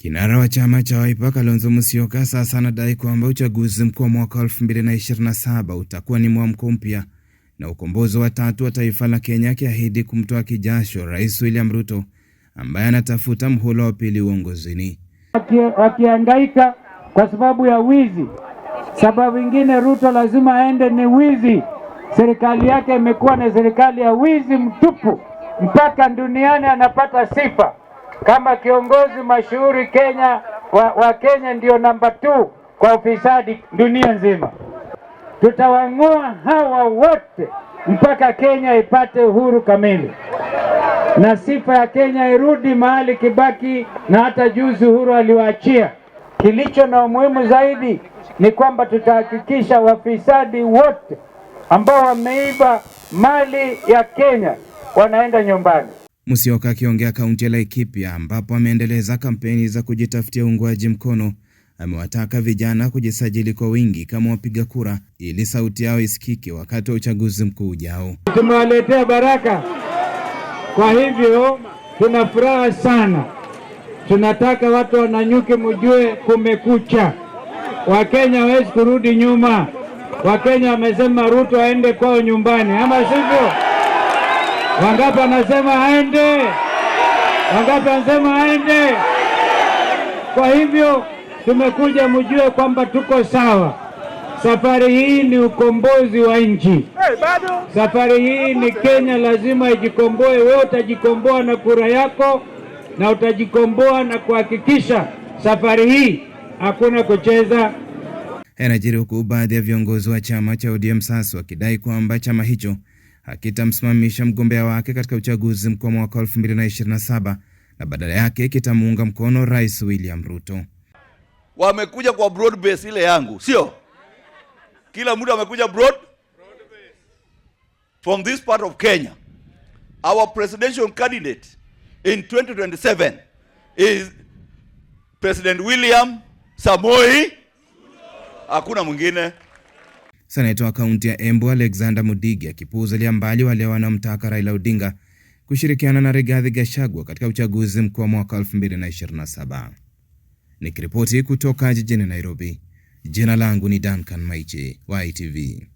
Kinara wa chama cha waipa Kalonzo Musyoka sasa anadai kwamba uchaguzi mkuu wa mwaka 2027 utakuwa ni mwamko mpya na ukombozi wa tatu wa taifa la Kenya, akiahidi kumtoa kijasho Rais William Ruto ambaye anatafuta mhula wa pili uongozini. wakiangaika kwa sababu ya wizi, sababu ingine Ruto lazima aende ni wizi. Serikali yake imekuwa na serikali ya wizi mtupu, mpaka duniani anapata sifa kama kiongozi mashuhuri Kenya wa, wa Kenya ndio namba tu kwa ufisadi dunia nzima. Tutawang'oa hawa wote mpaka Kenya ipate uhuru kamili na sifa ya Kenya irudi mahali Kibaki na hata juzi Uhuru aliwaachia. Kilicho na umuhimu zaidi ni kwamba tutahakikisha wafisadi wote ambao wameiba mali ya Kenya wanaenda nyumbani. Musyoka akiongea kaunti ya Laikipia ambapo ameendeleza kampeni za kujitafutia uungwaji mkono, amewataka vijana kujisajili kwa wingi kama wapiga kura ili sauti yao isikike wakati wa uchaguzi mkuu ujao. Tumewaletea baraka, kwa hivyo tuna furaha sana. Tunataka watu wananyuki, mjue kumekucha. Wakenya hawezi kurudi nyuma. Wakenya wamesema Ruto aende kwao nyumbani, ama sivyo? Wangapi anasema aende? Wangapi anasema aende? Kwa hivyo tumekuja mjue kwamba tuko sawa. Safari hii ni ukombozi wa nchi. Safari hii ni Kenya lazima ijikomboe. Wewe utajikomboa na kura yako, na utajikomboa na kuhakikisha safari hii hakuna kucheza. Yanajiri huku baadhi ya viongozi wa chama cha ODM sasa wakidai kwamba chama hicho akitamsimamisha mgombea wake katika uchaguzi mkuu wa mwaka 2027 na badala yake kitamuunga mkono Rais William Ruto. Wamekuja kwa broad base ile yangu, sio kila mtu amekuja broad from this part of Kenya. Our presidential candidate in 2027 is President William Samoi, hakuna mwingine. Seneta wa kaunti ya Embu Alexander Mudigi akipuuzilia mbali wale wanaomtaka Raila Odinga kushirikiana na Rigathi Gachagua katika uchaguzi mkuu wa mwaka 2027. Nikiripoti kutoka jijini Nairobi, jina langu ni Duncan Maiche wa ITV.